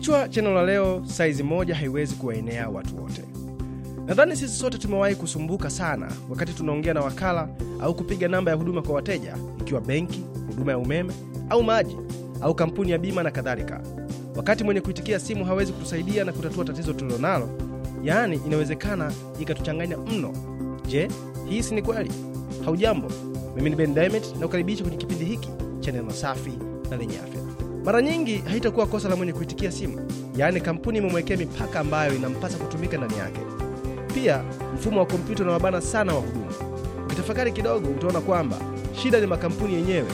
Kichwa cha neno la leo, saizi moja haiwezi kuwaenea watu wote. Nadhani sisi sote tumewahi kusumbuka sana wakati tunaongea na wakala au kupiga namba ya huduma kwa wateja, ikiwa benki, huduma ya umeme au maji, au kampuni ya bima na kadhalika. Wakati mwenye kuitikia simu hawezi kutusaidia na kutatua tatizo tulilonalo, yaani inawezekana ikatuchanganya mno. Je, hii si ni kweli? Haujambo, mimi ni Ben Diamond na kukaribisha kwenye kipindi hiki cha neno safi na lenye afya. Mara nyingi haitakuwa kosa la mwenye kuitikia simu, yaani kampuni imemwekea mipaka ambayo inampasa kutumika ndani yake. Pia mfumo wa kompyuta unawabana sana wa huduma. Ukitafakari kidogo, utaona kwamba shida ni makampuni yenyewe.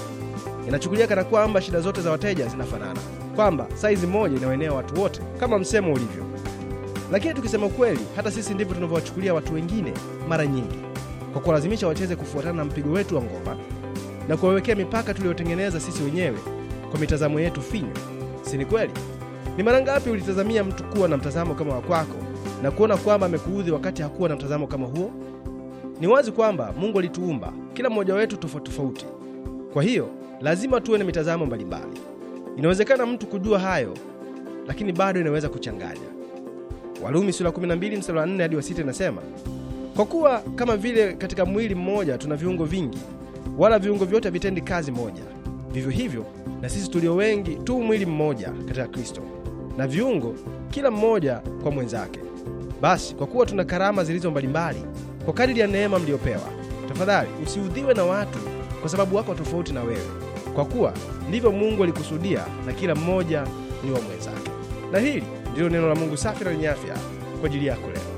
Inachukulia kana kwamba shida zote za wateja zinafanana, kwamba saizi moja inawaenea watu wote, kama msemo ulivyo. Lakini tukisema kweli, hata sisi ndivyo tunavyowachukulia watu wengine mara nyingi, kwa kuwalazimisha wacheze kufuatana na mpigo wetu wa ngoma na kuwawekea mipaka tuliyotengeneza sisi wenyewe kwa mitazamo yetu finyu, si ni kweli? Ni mara ngapi ulitazamia mtu kuwa na mtazamo kama wa kwako na kuona kwamba amekuudhi wakati hakuwa na mtazamo kama huo? Ni wazi kwamba Mungu alituumba kila mmoja wetu tofauti tofauti, kwa hiyo lazima tuwe na mitazamo mbalimbali. Inawezekana mtu kujua hayo, lakini bado inaweza kuchanganya. Walumi sura 12 mstari wa 4 hadi wa 6 inasema, kwa kuwa kama vile katika mwili mmoja tuna viungo vingi, wala viungo vyote havitendi kazi moja, Vivyo hivyo na sisi tulio wengi tu mwili mmoja katika Kristo, na viungo kila mmoja kwa mwenzake. Basi kwa kuwa tuna karama zilizo mbalimbali kwa kadiri ya neema mliyopewa, tafadhali usiudhiwe na watu kwa sababu wako tofauti na wewe, kwa kuwa ndivyo Mungu alikusudia, na kila mmoja ni wa mwenzake. Na hili ndilo neno la Mungu safi na lenye afya kwa ajili yako leo.